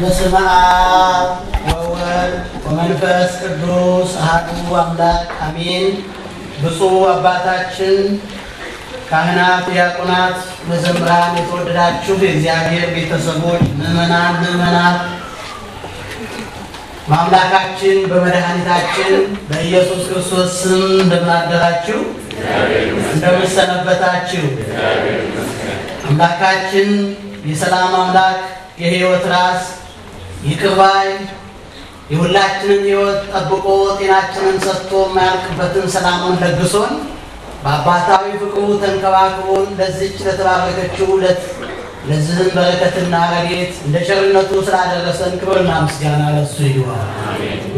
በስመ አብ ወወልድ ወመንፈስ ቅዱስ አሐዱ አምላክ አሜን። ብፁዕ አባታችን ካህናት፣ ዲያቆናት፣ መዘምራን፣ የተወደዳችሁ የእግዚአብሔር ቤተሰቦች፣ ምዕመናን፣ ምዕመናት በአምላካችን በመድኃኒታችን በኢየሱስ ክርስቶስ ስም እንደምናደራችሁ አደራችሁ? አምላካችን የሰላም አምላክ የሕይወት ራስ ይቅባይ የሁላችንን ህይወት ጠብቆ ጤናችንን ሰጥቶ የማያልቅበትን ሰላሙን ለግሶን በአባታዊ ፍቅሩ ተንከባክቦን ለዚች ለተባረከችው ዕለት ለዚህም በረከትና ረድኤት እንደ ቸርነቱ ስላደረሰን ክብርና ምስጋና ለሱ ይግባል።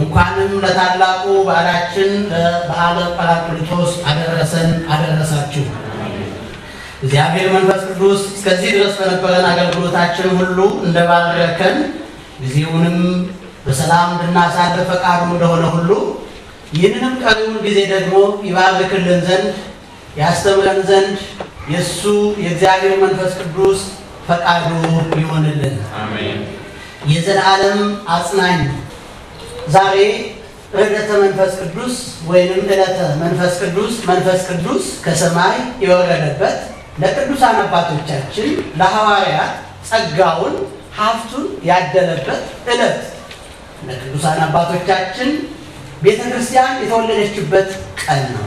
እንኳንም ለታላቁ በዓላችን ለበዓለ ጰራቅሊጦስ አደረሰን አደረሳችሁ። እግዚአብሔር መንፈስ ቅዱስ እስከዚህ ድረስ በነበረን አገልግሎታችን ሁሉ እንደባረከን ጊዜውንም በሰላም እንድናሳልፍ ፈቃዱ እንደሆነ ሁሉ ይህንንም ቀሪውን ጊዜ ደግሞ ይባርክልን ዘንድ ያስተምረን ዘንድ የእሱ የእግዚአብሔር መንፈስ ቅዱስ ፈቃዱ ይሆንልን። የዘላለም አጽናኝ ዛሬ ዕለተ መንፈስ ቅዱስ ወይንም ዕለተ መንፈስ ቅዱስ መንፈስ ቅዱስ ከሰማይ የወረደበት ለቅዱሳን አባቶቻችን ለሐዋርያት ጸጋውን ሀብቱን ያደለበት እለት ለቅዱሳን አባቶቻችን ቤተ ክርስቲያን የተወለደችበት ቀን ነው።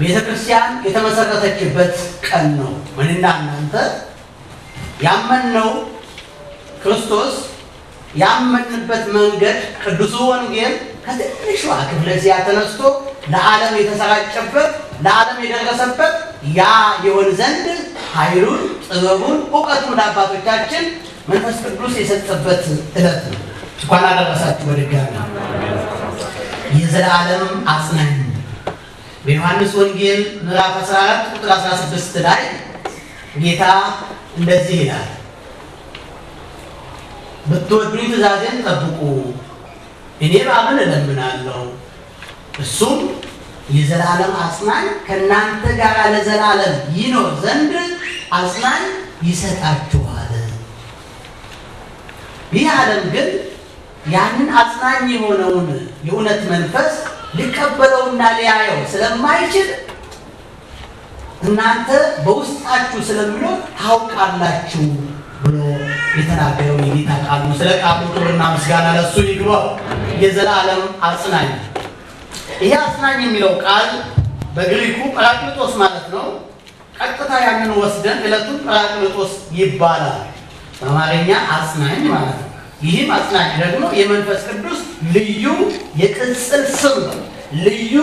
ቤተ ክርስቲያን የተመሰረተችበት ቀን ነው። ምንና እናንተ ያመንነው ክርስቶስ ያመንበት መንገድ ቅዱሱ ወንጌል ከትንሿ ክፍለ ተነስቶ ለዓለም የተሰራጨበት ለዓለም የደረሰበት ያ የሆን ዘንድ ኃይሉን ጥበቡን እውቀቱን ለአባቶቻችን መንፈስ ቅዱስ የሰጠበት እለት ነው። እንኳን አደረሳችሁ። በድጋሚ የዘላለም አጽናኝ በዮሐንስ ወንጌል ምዕራፍ 14 ቁጥር 16 ላይ ጌታ እንደዚህ ይላል፣ ብትወዱኝ ትእዛዜን ጠብቁ፣ እኔ አብን እለምናለሁ እሱም የዘላለም አጽናኝ ከእናንተ ጋር ለዘላለም ይኖር ዘንድ አጽናኝ ይሰጣችኋል። ይህ ዓለም ግን ያንን አጽናኝ የሆነውን የእውነት መንፈስ ሊቀበለውና ሊያየው ስለማይችል እናንተ በውስጣችሁ ስለሚኖር ታውቃላችሁ ብሎ የተናገረው የጌታ ቃሉ ስለ ቃሉ ክብርና ምስጋና ለሱ ይግባው። የዘላለም አጽናኝ ይሄ አጽናኝ የሚለው ቃል በግሪኩ ጰራቅሊጦስ ማለት ነው። ቀጥታ ያንን ወስደን ዕለቱን ጰራቅሊጦስ ይባላል። በአማርኛ አጽናኝ ማለት ነው። ይህም አጽናኝ ደግሞ የመንፈስ ቅዱስ ልዩ የቅጽል ስም ነው። ልዩ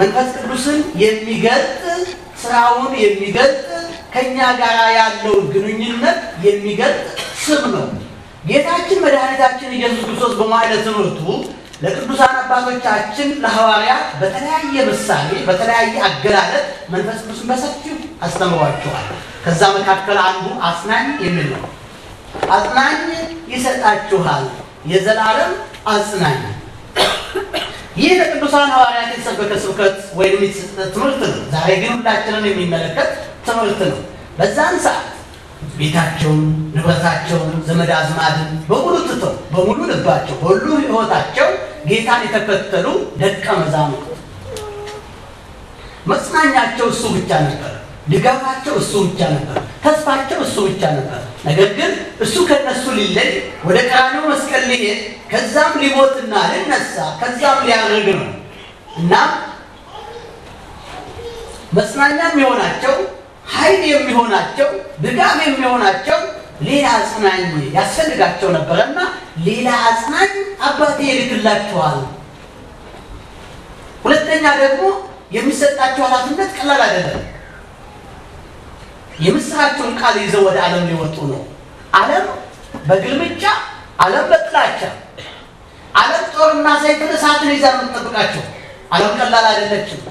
መንፈስ ቅዱስን የሚገልጥ ስራውን የሚገልጥ ከእኛ ጋር ያለውን ግንኙነት የሚገልጥ ስም ነው። ጌታችን መድኃኒታችን ኢየሱስ ክርስቶስ በማለት ትምህርቱ ለቅዱሳን አባቶቻችን ለሐዋርያት በተለያየ ምሳሌ በተለያየ አገላለጥ መንፈስ ቅዱስ በሰፊው አስተምሯቸዋል። ከዛ መካከል አንዱ አጽናኝ የሚል ነው። አጽናኝ ይሰጣችኋል፣ የዘላለም አጽናኝ። ይህ ለቅዱሳን ሐዋርያት የተሰበከ ስብከት ወይም ትምህርት ነው። ዛሬ ግን ሁላችንን የሚመለከት ትምህርት ነው። በዛን ሰዓት ቤታቸውን፣ ንብረታቸውን፣ ዘመድ አዝማድን በሙሉ ትተው በሙሉ ልባቸው በሁሉ ህይወታቸው ጌታን የተከተሉ ደቀ መዛሙርት መጽናኛቸው እሱ ብቻ ነበር። ድጋፋቸው እሱ ብቻ ነበር። ተስፋቸው እሱ ብቻ ነበር። ነገር ግን እሱ ከነሱ ሊለይ ወደ ቀራኒው መስቀል ሊሄድ ከዛም ሊሞትና ሊነሳ ከዛም ሊያደርግ ነው እና መጽናኛ የሚሆናቸው ኃይል የሚሆናቸው ድጋፍ የሚሆናቸው ሌላ አጽናኝ ያስፈልጋቸው ነበረና ሌላ አጽናኝ አባቴ ይልክላቸዋል። ሁለተኛ ደግሞ የሚሰጣቸው ኃላፊነት ቀላል አይደለም። የምስራቸውን ቃል ይዘው ወደ ዓለም ሊወጡ ነው። ዓለም በግልምጫ፣ ዓለም በጥላቻ፣ ዓለም ጦርና ሰይፍን እሳትን ይዛ የምትጠብቃቸው። ዓለም ቀላል አይደለችም።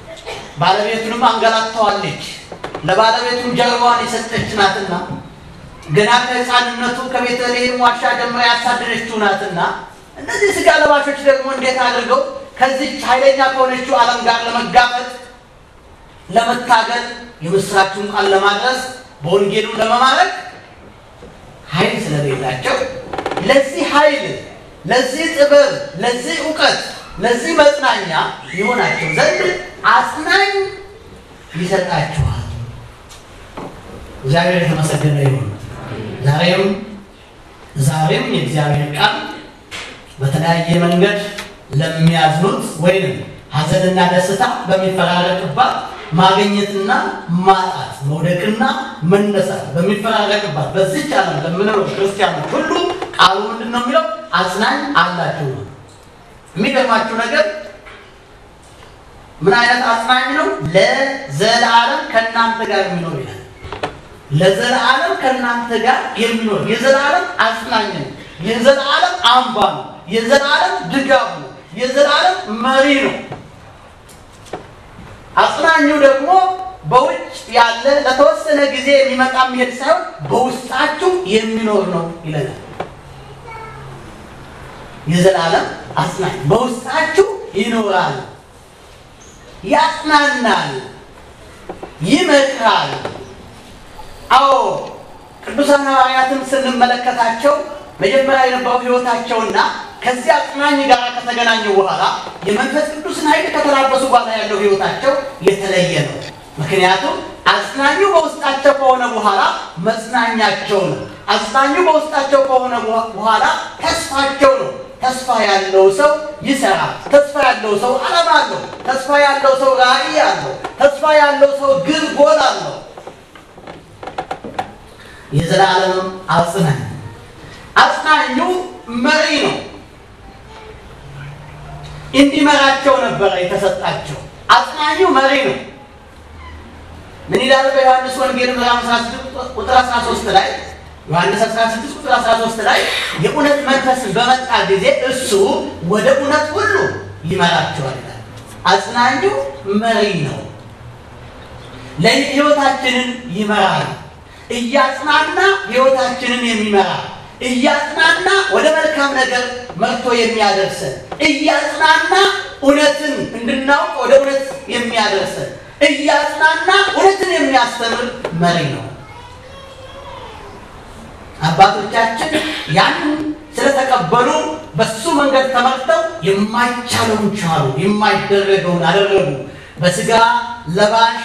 ባለቤቱንም አንገላተዋለች። ለባለቤቱም ጀርባዋን የሰጠች ናትና ገና ከህፃንነቱ ከቤተልሔም ዋሻ ጀምራ ያሳደደችው ናትና እነዚህ ስጋ ለባሾች ደግሞ እንዴት አድርገው ከዚች ኃይለኛ ከሆነችው ዓለም ጋር ለመጋፈጥ ለመታገል የምስራችሁን ቃል ለማድረስ በወንጌሉ ለመማረክ ኃይል ስለሌላቸው ለዚህ ኃይል ለዚህ ጥበብ ለዚህ እውቀት ለዚህ መጽናኛ ይሆናቸው ዘንድ አጽናኝ ይሰጣችኋል። እግዚአብሔር የተመሰገነ ይሁን። ዛሬም ዛሬም የእግዚአብሔር ቃል በተለያየ መንገድ ለሚያዝኑት ወይንም ሀዘንና ደስታ በሚፈራረቅባት ማግኘትና ማጣት መውደቅና መነሳት በሚፈራረቅባት በዚች ዓለም ለምንኖር ክርስቲያኑ ሁሉ ቃሉ ምንድን ነው የሚለው? አጽናኝ አላችሁ ነው። የሚገርማችሁ ነገር ምን አይነት አጽናኝ ነው? ለዘላለም ከእናንተ ጋር የሚኖር ይላል። ለዘላለም ከእናንተ ጋር የሚኖር የዘላለም አጽናኝ ነው፣ የዘላለም አምባ ነው፣ የዘላለም ድጋፍ ነው፣ የዘላለም መሪ ነው። አጽናኙ ደግሞ በውጭ ያለ ለተወሰነ ጊዜ የሚመጣ የሚሄድ ሳይሆን በውስጣችሁ የሚኖር ነው ይለናል። የዘላለም አጽናኝ በውስጣችሁ ይኖራል፣ ያጽናናል፣ ይመክራል። አዎ ቅዱሳን ሐዋርያትም ስንመለከታቸው መጀመሪያ የነበረው ህይወታቸውና ከዚያ አጽናኝ ጋር ከተገናኙ በኋላ የመንፈስ ቅዱስን ኃይል ከተላበሱ በኋላ ያለው ህይወታቸው የተለየ ነው። ምክንያቱም አጽናኙ በውስጣቸው ከሆነ በኋላ መጽናኛቸው ነው። አጽናኙ በውስጣቸው ከሆነ በኋላ ተስፋቸው ነው። ተስፋ ያለው ሰው ይሰራል። ተስፋ ያለው ሰው አለም አለው። ተስፋ ያለው ሰው ራዕይ አለው። ተስፋ ያለው ሰው ግን ጎል አለው። የዘላለም አጽናኝ አጽናኙ መሪ ነው። እንዲመራቸው ነበረ የተሰጣቸው። አጽናኙ መሪ ነው። ምን ይላል በዮሐንስ ወንጌል ምዕራፍ 16 ቁጥር 13 ላይ ዮሐንስ 16 ቁጥር 13 ላይ የእውነት መንፈስን በመጣ ጊዜ እሱ ወደ እውነት ሁሉ ይመራቸዋል ይላል። አጽናኙ መሪ ነው። ለህይወታችንን ይመራል። እያጽናና ህይወታችንን የሚመራ እያጽናና ወደ መልካም ነገር መርቶ የሚያደርሰን እያጽናና እውነትን እንድናውቅ ወደ እውነት የሚያደርሰን እያጽናና እውነትን የሚያስተምር መሪ ነው። አባቶቻችን ያንን ስለተቀበሉ በሱ መንገድ ተመርተው የማይቻለውን ቻሉ፣ የማይደረገውን አደረጉ። በስጋ ለባሽ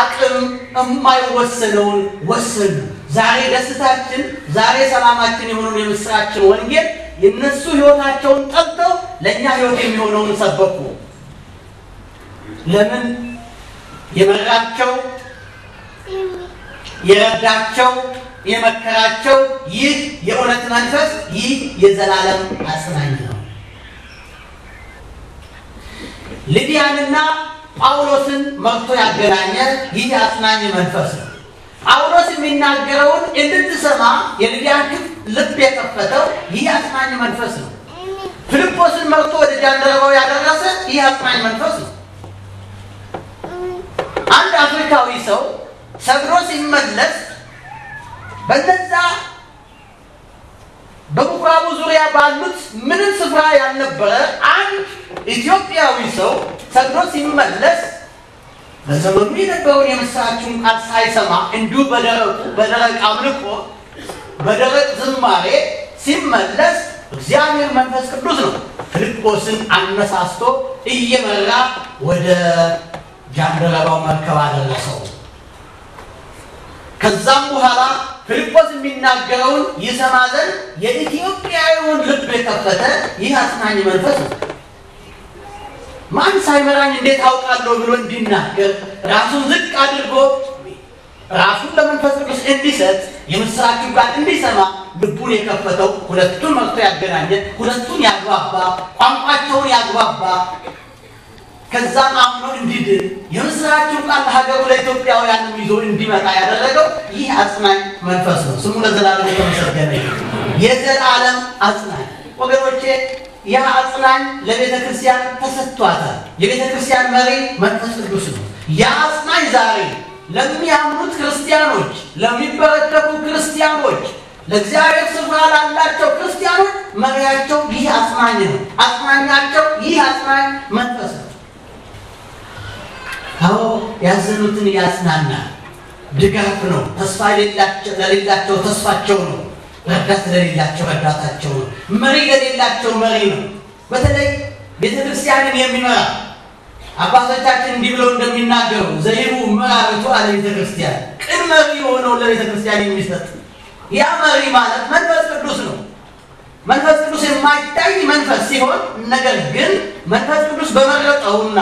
አቅም የማይወሰነውን ወሰኑ። ዛሬ ደስታችን፣ ዛሬ ሰላማችን የሆኑን የምስራችን ወንጌል የነሱ ህይወታቸውን ጠብተው ለእኛ ህይወት የሚሆነውን ሰበኩ። ለምን የመራቸው የረዳቸው የመከራቸው ይህ የእውነት መንፈስ ይህ የዘላለም አጽናኝ ነው። ልዲያንና ጳውሎስን መጥቶ ያገናኘ ይህ አጽናኝ መንፈስ ነው። ጳውሎስ የሚናገረውን እንድትሰማ ክፍት ልብ የከፈተው ይህ አጽናኝ መንፈስ ነው። ፊልጶስን መርቶ ወደ ጃንደረባው ያደረሰ ይህ አጽናኝ መንፈስ ነው። አንድ አፍሪካዊ ሰው ሰግሮ ሲመለስ በነዛ በምኩራቡ ዙሪያ ባሉት ምንም ስፍራ ያልነበረ አንድ ኢትዮጵያዊ ሰው ሰግዶ ሲመለስ በዘመኑ የነበረውን የምስራችን ቃል ሳይሰማ እንዲሁ በደረቁ በደረቅ አምልኮ በደረቅ ዝማሬ ሲመለስ እግዚአብሔር መንፈስ ቅዱስ ነው ፊልጶስን አነሳስቶ እየመራ ወደ ጃንደረባው መርከብ አደረሰው። ከዛም በኋላ ፊልጶስ የሚናገረውን ይሰማ ዘንድ የኢትዮጵያዊውን ልብ የከፈተ ይህ አጽናኝ መንፈስ ነው። ማን ሳይመራኝ እንዴት አውቃለሁ ብሎ እንዲናገር ራሱን ዝቅ አድርጎ ራሱን ለመንፈስ ቅዱስ እንዲሰጥ የምስራችሁ ጋር እንዲሰማ ልቡን የከፈተው ሁለቱን መርቶ ያገናኘ ሁለቱን ያግባባ ቋንቋቸውን ያግባባ ከዛም አምኖ እንዲድን የምስራችን ቃል ሀገሩ ለኢትዮጵያውያንም ይዞ እንዲመጣ ያደረገው ይህ አጽናኝ መንፈስ ነው። ስሙ ለዘላለም የተመሰገነ የዘላለም አጽናኝ። ወገኖቼ ይህ አጽናኝ ለቤተ ክርስቲያን ተሰጥቷታል። የቤተ ክርስቲያን መሪ መንፈስ ቅዱስ ነው። ያ አጽናኝ ዛሬ ለሚያምኑት ክርስቲያኖች፣ ለሚበረከቱ ክርስቲያኖች፣ ለእግዚአብሔር ስፍራ ላላቸው ክርስቲያኖች መሪያቸው ይህ አጽናኝ ነው። አጽናኛቸው ይህ አጽናኝ መንፈስ ነው። አዎ ያዘኑትን ያጽናናል። ድጋፍ ነው። ተስፋ ለሌላቸው ተስፋቸው ነው። ረዳት ለሌላቸው ረዳታቸው ነው። መሪ ለሌላቸው መሪ ነው። በተለይ ቤተክርስቲያንን የሚመራ አባቶቻችን እንዲህ ብለው እንደሚናገሩ ዘይቡ መራርቱ አለ ቤተክርስቲያን ቅን መሪ የሆነው ለቤተክርስቲያን የሚሰጥ ያ መሪ ማለት መንፈስ ቅዱስ ነው። መንፈስ ቅዱስ የማይታይ መንፈስ ሲሆን ነገር ግን መንፈስ ቅዱስ በመረጠውና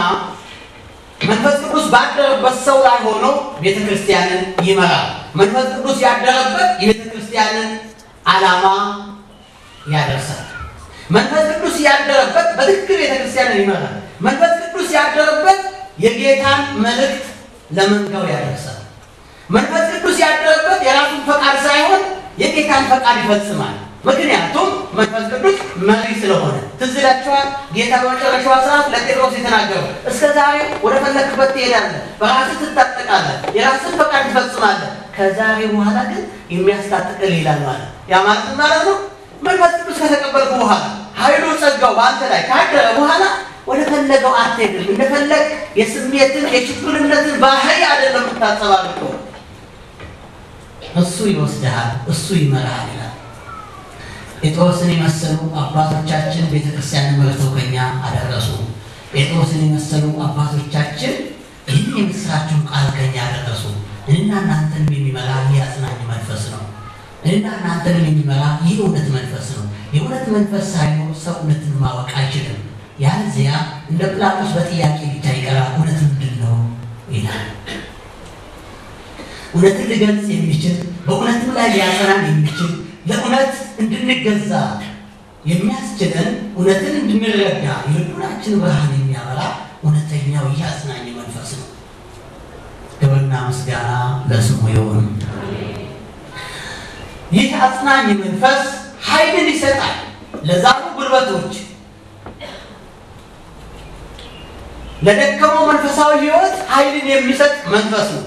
መንፈስ ቅዱስ ባደረበት ሰው ላይ ሆኖ ቤተ ክርስቲያንን ይመራል። መንፈስ ቅዱስ ያደረበት የቤተ ክርስቲያንን ዓላማ ያደርሳል። መንፈስ ቅዱስ ያደረበት በትክክል ቤተ ክርስቲያንን ይመራል። መንፈስ ቅዱስ ያደረበት የጌታን መልእክት ለመንገው ያደርሳል። መንፈስ ቅዱስ ያደረበት የራሱን ፈቃድ ሳይሆን የጌታን ፈቃድ ይፈጽማል። ምክንያቱም መንፈስ ቅዱስ መሪ ስለሆነ። ትዝ ይላችኋል ጌታ በመጨረሻዋ ሰዓት ለጴጥሮስ የተናገረው እስከ ዛሬ ወደ ፈለክበት ትሄዳለህ፣ በራስህ ትታጠቃለህ፣ የራስህን ፈቃድ ትፈጽማለህ፣ ከዛሬ በኋላ ግን የሚያስታጥቅል ይላል ማለት ያ ማለት ማለት ነው። መንፈስ ቅዱስ ከተቀበልኩ በኋላ ኃይሉ ጸጋው በአንተ ላይ ካደረ በኋላ ወደ ፈለገው አትሄድም። እንደፈለግ የስሜትን የችኩልነትን ባህሪ አይደለም የምታንጸባርቀው። እሱ ይወስድሃል፣ እሱ ይመራሃል ይላል። ጴጥሮስን የመሰሉ አባቶቻችን ቤተክርስቲያን ክርስቲያንን መርተው ከኛ አደረሱ። ጴጥሮስን የመሰሉ አባቶቻችን ይህን የምስራችሁን ቃል ከኛ አደረሱ። እና እናንተንም የሚመራ ይህ አጽናኝ መንፈስ ነው። እና እናንተንም የሚመራ ይህ እውነት መንፈስ ነው። የእውነት መንፈስ ሳይኖር ሰው እውነትን ማወቅ አይችልም። ያዚያ እንደ ጵላጦስ በጥያቄ ብቻ ይቀራል። እውነት ምንድን ነው ይላል። እውነትን ሊገልጽ የሚችል በእውነትም ላይ ሊያጸናን የሚችል ለእውነት እንድንገዛ የሚያስችለን እውነትን እንድንረዳ የልቡናችን ብርሃን የሚያበራ እውነተኛው የአጽናኝ መንፈስ ነው። ክብርና ምስጋና ለስሙ ይሁን። ይህ አጽናኝ መንፈስ ኃይልን ይሰጣል ለዛሉ ጉልበቶች፣ ለደከመው መንፈሳዊ ህይወት ኃይልን የሚሰጥ መንፈስ ነው።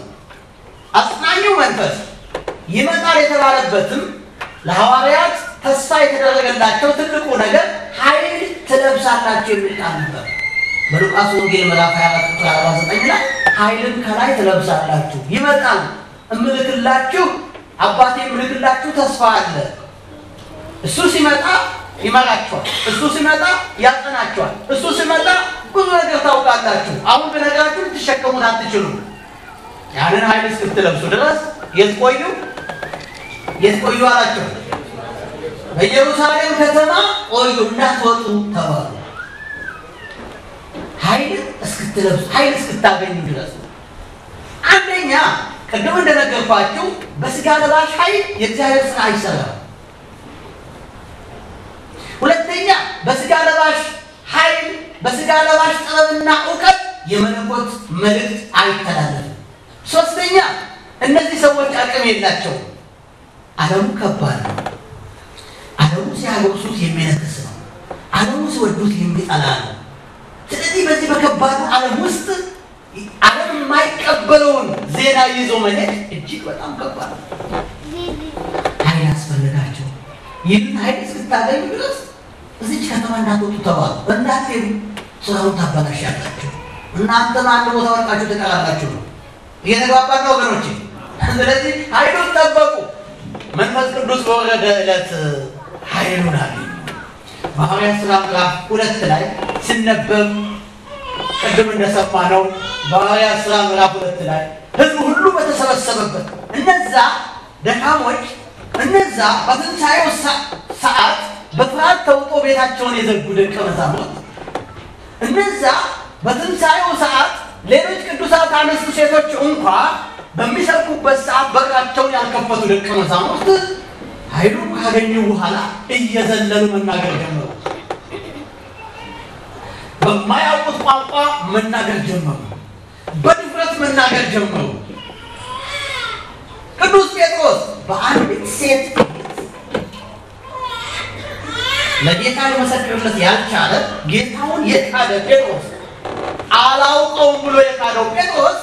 አጽናኙ መንፈስ ይመጣል የተባለበትም ለሐዋርያት ተስፋ የተደረገላቸው ትልቁ ነገር ኃይል ትለብሳላችሁ የሚል ቃል ነበር። በሉቃስ ወንጌል ምዕራፍ 24 ቁጥር 49 ላይ ኃይልን ከላይ ትለብሳላችሁ፣ ይመጣል እምልክላችሁ፣ አባቴ እምልክላችሁ ተስፋ አለ። እሱ ሲመጣ ይመራችኋል፣ እሱ ሲመጣ ያጸናችኋል፣ እሱ ሲመጣ ብዙ ነገር ታውቃላችሁ። አሁን ብነግራችሁ ልትሸከሙን አትችሉም። ያንን ኃይል እስክትለብሱ ድረስ የት ቆዩ? የት ቆዩ አላቸው። በኢየሩሳሌም ከተማ ቆዩ እንዳትወጡ ተባሉ። ኃይል እስክትለብሱ ኃይል እስክታገኙ ድረስ አንደኛ ቅድም እንደነገርኳችሁ በስጋ ለባሽ ኃይል የእግዚአብሔር ስራ አይሰራም። ሁለተኛ በስጋ ለባሽ ኃይል በስጋ ለባሽ ጥበብና እውቀት የመለኮት መልእክት አይተላለፍም። ሶስተኛ እነዚህ ሰዎች አቅም የላቸውም። ዓለሙ ከባድ ነው። ዓለሙ ሲያጎሱት የሚነክስ ነው። ዓለሙ ሲወዱት የሚጠላ ነው። ስለዚህ በዚህ በከባድ ዓለም ውስጥ ዓለም የማይቀበለውን ዜና ይዞ መሄድ እጅግ በጣም ከባድ ነው። ኃይል አስፈልጋቸው። ይህን ኃይል እስክታገኙ ድረስ እዚች ከተማ እንዳትወጡ ተባሉ። እንዳትሄዱ ስራውን ታበላሻላችሁ። እናንተም አንድ ቦታ ወርቃችሁ ተቀላላችሁ ነው። እየተግባባን ነው ወገኖች። ስለዚህ ኃይሉን ጠበቁ። መንፈስ ቅዱስ በወረደ ዕለት ኃይሉን አገኙ። በሐዋርያት ሥራ ምዕራፍ ሁለት ላይ ሲነበብ ቅድም ነው በሐዋርያት ሥራ ምዕራፍ ሁለት ላይ ህዝቡ ሁሉ በተሰበሰበበት እነዛ ደካሞች እነዛ በትንሣኤው ሰዓት በፍርሃት ተውጦ ቤታቸውን የዘጉ ደቀ መዛሙርት እነዛ በትንሣኤው ሰዓት ሌሎች ቅዱሳት አነሱ ሴቶች እንኳ በሚሰብኩበት ሰዓት በቃቸውን ያልከፈቱ ደቀ መዛሙርት ኃይሉ ካገኙ በኋላ እየዘለሉ መናገር ጀመሩ። በማያውቁት ቋንቋ መናገር ጀመሩ። በድፍረት መናገር ጀመሩ። ቅዱስ ጴጥሮስ በአንዲት ሴት ለጌታ ሊመሰክርለት ያልቻለ ጌታውን የካደ ጴጥሮስ አላውቀውም ብሎ የካደው ጴጥሮስ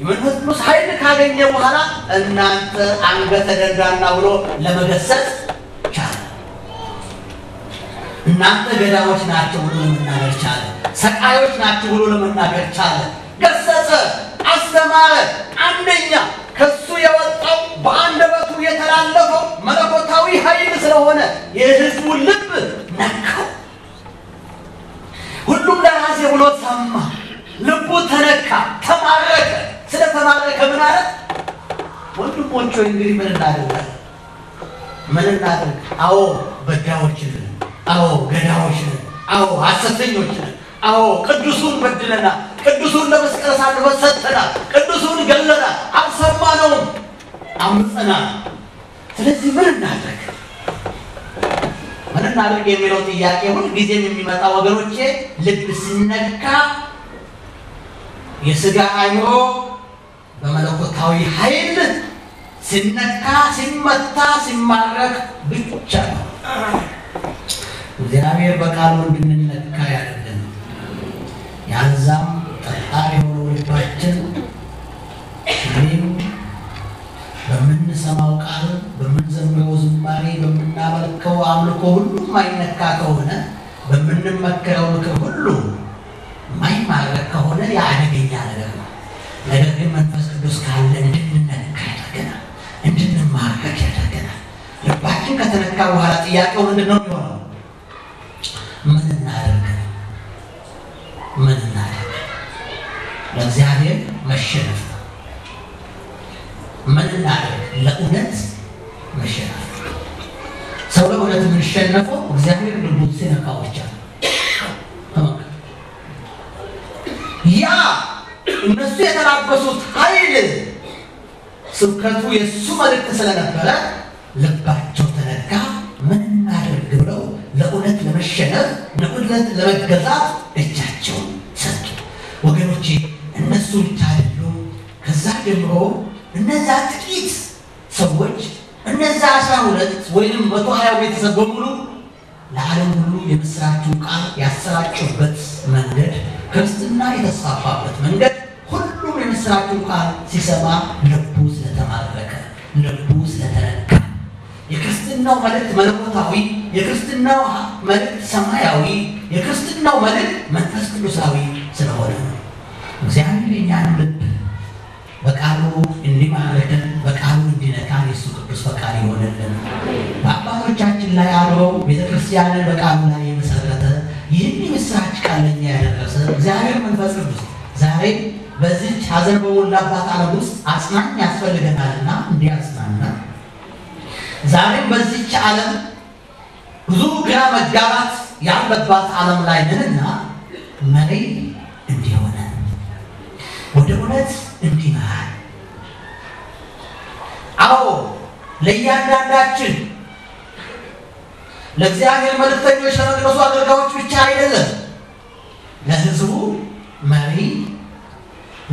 የመንፈስ ቅዱስ ኃይል ካገኘ በኋላ እናንተ አንገተ ደንዳና ብሎ ለመገሰጽ ቻለ። እናንተ ገዳዎች ናቸው ብሎ ለመናገር ቻለ። ሰቃዮች ናቸው ብሎ ለመናገር ቻለ። ገሰጸ፣ አስተማረ። አንደኛ ከሱ የወጣው በአንደበቱ የተላለፈው መለኮታዊ ኃይል ስለሆነ የህዝቡ ልብ ነካው። ሁሉም ለራሴ ብሎ ሰማ። ልቡ ተነካ፣ ተማረ። ወንድሞች ሆይ እንግዲህ ምን እናድርግ? ምን እናደርግ? አዎ በዳዎች ነን። አዎ ገዳዎች ነን። አዎ ሐሰተኞች ነን። አዎ ቅዱሱን በድለና ቅዱሱን ለመስቀል አሳልፈን ሰጥተናል። ቅዱሱን ገለናል። አልሰማነውም። አምፀናል። ስለዚህ ምን እናደርግ? ምን እናደርግ የሚለው ጥያቄ ጊዜም የሚመጣ ወገኖቼ፣ ልብ ሲነካ የስጋ አእምሮ በመለኮታዊ ኃይል ሲነካ ሲመታ ሲማረክ ብቻ ነው። እግዚአብሔር በቃሉ እንድንነካ ያደርገን። ያዛም ጠጣር የሆነው ልባችን እኔም በምንሰማው ቃል፣ በምንዘምረው ዝማሬ፣ በምናመልከው አምልኮ ሁሉም አይነካ ከሆነ በምንመከረው ምክር ሁሉ ነው የሚሆነው። ምን እናደርግ? ምን እናደርግ? ለእግዚአብሔር መሸነፍ ነው። ምን እናደርግ? ለእውነት መሸነፍ ሰው ለእውነት የምንሸነፈው እግዚአብሔር ልቡን ሲነካው ብቻ ነው። ያ እነሱ የተላበሱት ኃይል ስብከቱ የእሱ መልእክት ስለነበረ ልባቸው በእምነት ለመገዛት እጃቸውን ሰጡ። ወገኖቼ እነሱ ብቻ አይደሉም። ከዛ ጀምሮ እነዛ ጥቂት ሰዎች እነዛ አስራ ሁለት ወይም መቶ ሀያ ቤተሰብ በሙሉ ለዓለም ሁሉ የምስራችን ቃል ያሰራጩበት መንገድ ክርስትና የተስፋፋበት መንገድ ሁሉም የምስራችን ቃል ሲሰማ ልቡ ስለተማረከ፣ ልቡ ስለተነካ የክርስትናው መልእክት መለኮታዊ፣ የክርስትናው መልእክት ሰማያዊ የክርስትናው መልእክት መንፈስ ቅዱሳዊ ስለሆነ እግዚአብሔር የኛን ልብ በቃሉ እንዲማረከን በቃሉ እንዲነካን የሱ ቅዱስ ፈቃድ ይሆንልን። በአባቶቻችን ላይ አድሮ ቤተክርስቲያንን በቃሉ ላይ የመሰረተ ይህን የምስራች ቃለኛ ያደረሰ እግዚአብሔር መንፈስ ቅዱስ ዛሬ በዚች ሐዘን በሞላባት ዓለም ውስጥ አጽናኝ ያስፈልገናልና እንዲያጽናና ዛሬም በዚች ዓለም ብዙ ግራ መጋባት ያለባት ዓለም ላይ ምንና መሪ እንዲሆነ ወደ እውነት እንዲመራል። አዎ ለእያንዳንዳችን ለእግዚአብሔር መልእክተኞች ለመቅደሱ አገልጋዮች ብቻ አይደለም፣ ለህዝቡ መሪ፣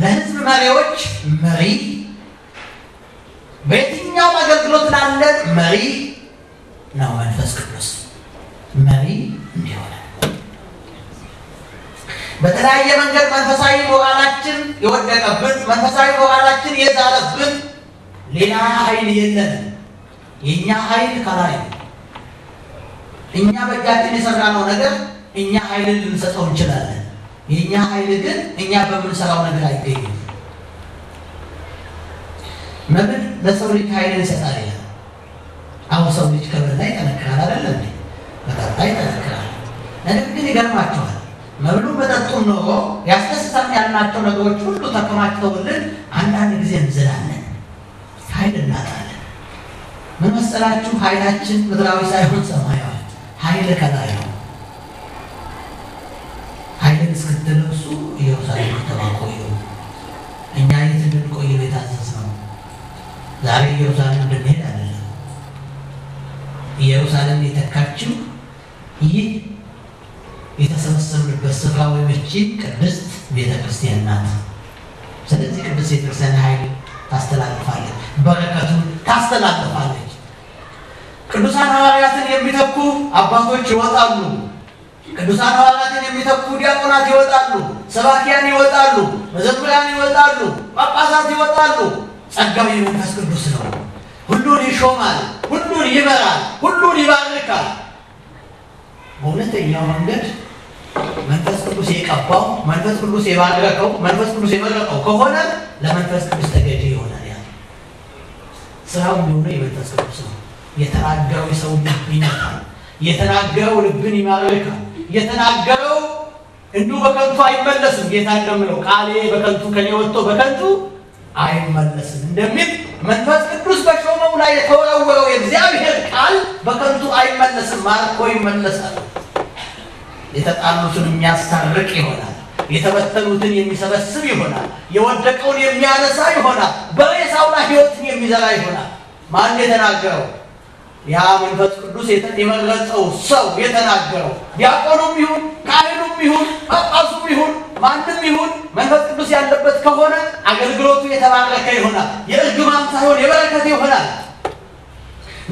ለህዝብ መሪዎች መሪ፣ በየትኛውም አገልግሎት ላለን መሪ ነው መንፈስ ቅዱስ መሪ በተለያየ መንገድ መንፈሳዊ ቦቃላችን የወደቀብን መንፈሳዊ ቦቃላችን የዛለብን ሌላ ኃይል የለን። የእኛ ኃይል ከላይ እኛ በእጃችን የሰራነው ነገር እኛ ኃይልን ልንሰጠው እንችላለን። የእኛ ኃይል ግን እኛ በምንሰራው ነገር አይገኝም። መምን ለሰው ልጅ ኃይልን ይሰጣል ይላል። አሁን ሰው ልጅ ከበላ ይጠነክራል አይደለም? በጠጣ ይጠነክራል። ነገር ግን ይገርማቸዋል መብሉ መጠጡም ኖሮ ያስደስታል ያልናቸው ነገሮች ሁሉ ተከማችተውልን አንዳንድ ጊዜ እንዝላለን፣ ኃይል እናጣለን። ምን መሰላችሁ? ኃይላችን ምድራዊ ሳይሆን ሰማያዊ ኃይል ከላይ ነው። ኃይልን እስክትለብሱ ኢየሩሳሌም ከተማ ቆዩ። እኛ የት እንድንቆይ ነው ዛሬ ኢየሩሳሌም እንድንሄድ አይደለም። ኢየሩሳሌም የተካችው ይህ የምትገኝበት ስፍራ ቅድስት ቤተክርስቲያን ናት። ስለዚህ ቅድስት ቤተክርስቲያን ኃይል ታስተላልፋለች፣ በረከቱን ታስተላልፋለች። ቅዱሳን ሐዋርያትን የሚተኩ አባቶች ይወጣሉ። ቅዱሳን ሐዋርያትን የሚተኩ ዲያቆናት ይወጣሉ፣ ሰባኪያን ይወጣሉ፣ መዘምራን ይወጣሉ፣ ጳጳሳት ይወጣሉ። ጸጋው የመንፈስ ቅዱስ ነው። ሁሉን ይሾማል፣ ሁሉን ይመራል፣ ሁሉን ይባርካል። በእውነተኛው መንገድ መንፈስ ቅዱስ የቀባው መንፈስ ቅዱስ የባረከው መንፈስ ቅዱስ የመረጠው ከሆነ ለመንፈስ ቅዱስ ተገዥ ይሆናል። ያ ስራው እንደሆነ የመንፈስ ቅዱስ ነው። የተናገረው የሰው ልብ ይነካል። የተናገረው ልብን ይማረካል የተናገረው እንዱ በከንቱ አይመለስም። ጌታ እንደምለው ቃሌ በከንቱ ከኔ ወጥቶ በከንቱ አይመለስም እንደሚል መንፈስ ቅዱስ በሾመው ላይ የተወረወረው የእግዚአብሔር ቃል በከንቱ አይመለስም፣ ማርኮ ይመለሳል። የተጣሉትን የሚያስታርቅ ይሆናል። የተበተኑትን የሚሰበስብ ይሆናል። የወደቀውን የሚያነሳ ይሆናል። በሬሳው ላይ ሕይወትን የሚዘራ ይሆናል። ማን የተናገረው? ያ መንፈስ ቅዱስ የመረጠው ሰው የተናገረው። ዲያቆኑም ይሁን ካህኑም ይሁን ጳጳሱም ይሁን ማንም ይሁን መንፈስ ቅዱስ ያለበት ከሆነ አገልግሎቱ የተባረከ ይሆናል። የእርግማም ሳይሆን የበረከት ይሆናል።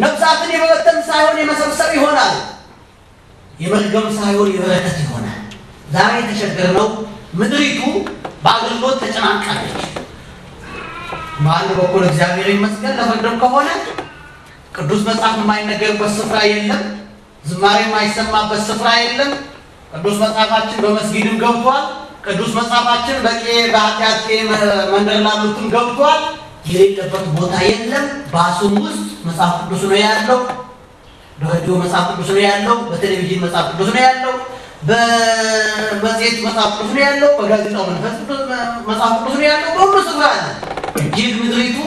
ነፍሳትን የመበተን ሳይሆን የመሰብሰብ ይሆናል። የመርገም ሳይሆን የበረከት ይሆናል። ዛሬ የተቸገርነው ምድሪቱ በአገልግሎት ተጨናንቃለች። በአንድ በኩል እግዚአብሔር ይመስገን ለፈቅድም ከሆነ ቅዱስ መጽሐፍ የማይነገርበት ስፍራ የለም፣ ዝማሬ የማይሰማበት ስፍራ የለም። ቅዱስ መጽሐፋችን በመስጊድም ገብቷል። ቅዱስ መጽሐፋችን በቄ በኃጢአት መንደር ላሉትም ገብቷል። የሌለበት ቦታ የለም። በአሱም ውስጥ መጽሐፍ ቅዱስ ነው ያለው። በሬዲዮ መጽሐፍ ቅዱስ ነው ያለው፣ በቴሌቪዥን መጽሐፍ ቅዱስ ነው ያለው፣ በመጽሔት መጽሐፍ ቅዱስ ነው ያለው፣ በጋዜጣው መንፈስ ቅዱስ መጽሐፍ ቅዱስ ነው ያለው። በሁሉ ስፍራ አለ። እጅግ ምድሪቱ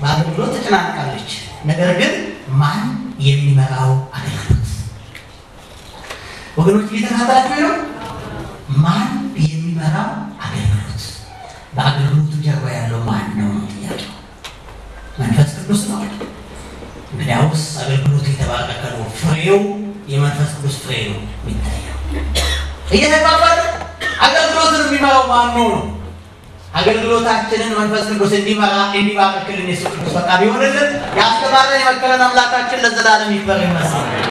በአገልግሎት ተጨናንቃለች። ነገር ግን ማን የሚመራው አገልግሎት? ወገኖች እየተከታተላችሁ ነው። ማን የሚመራው አገልግሎት? በአገልግሎቱ ጀርባ ያለው ማን ነው? ጥያቄው መንፈስ ቅዱስ ነው። እንዲያውስ አገልግሎት የተባረከ ነው። ፍሬው የመንፈስ ቅዱስ ፍሬ ነው የሚታየው። እየተባባለ አገልግሎትን የሚመራው ማነው ነው? አገልግሎታችንን መንፈስ ቅዱስ እንዲመራ እንዲባርክልን የሱ ቅዱስ ፈቃድ ይሆንልን። ያስተማረን የመከረን አምላካችን ለዘላለም ይክበር ይመስል